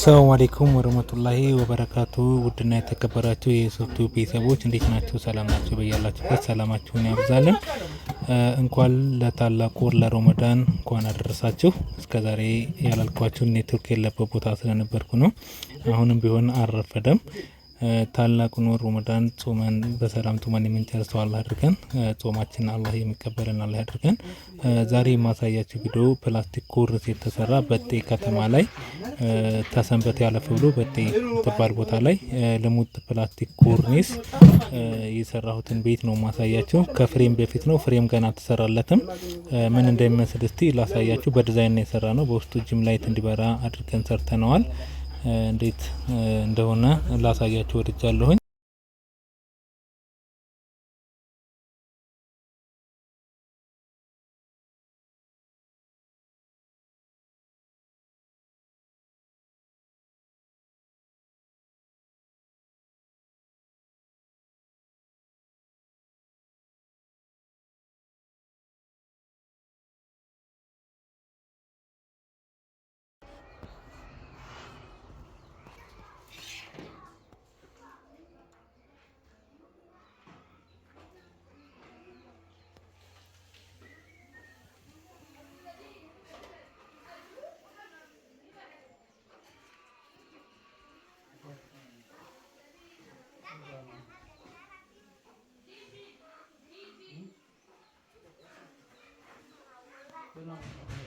ሰላም አለይኩም ወረመቱላሂ ወበረካቱ። ውድና የተከበራችሁ የሶፍቱ ቤተሰቦች እንዴት ናቸው? ሰላም ናቸው? በያላችሁበት ሰላማችሁን ያብዛልን። እንኳን ለታላቁ ወር ለሮመዳን እንኳን አደረሳችሁ። እስከዛሬ ያላልኳችሁ ኔትወርክ የለበት ቦታ ስለነበርኩ ነው። አሁንም ቢሆን አልረፈደም። ታላቁን ወር ረመዳን ጾመን በሰላም ጾመን የምንጨርሰው አላህ አድርገን። ጾማችን አላህ የሚቀበለን አላህ አድርገን። ዛሬ የማሳያችሁ ቪዲዮ ፕላስቲክ ኮርስ የተሰራ በጤ ከተማ ላይ ተሰንበት ያለፈ ብሎ በጤ የተባል ቦታ ላይ ልሙጥ ፕላስቲክ ኮርኒስ የሰራሁትን ቤት ነው ማሳያቸው። ከፍሬም በፊት ነው፣ ፍሬም ገና አልተሰራለትም። ምን እንደሚመስል እስቲ ላሳያችሁ። በዲዛይን ነው የሰራ ነው። በውስጡ ጅም ላይት እንዲበራ አድርገን ሰርተነዋል። እንዴት እንደሆነ ላሳያችሁ ወድጃለሁኝ። জন্য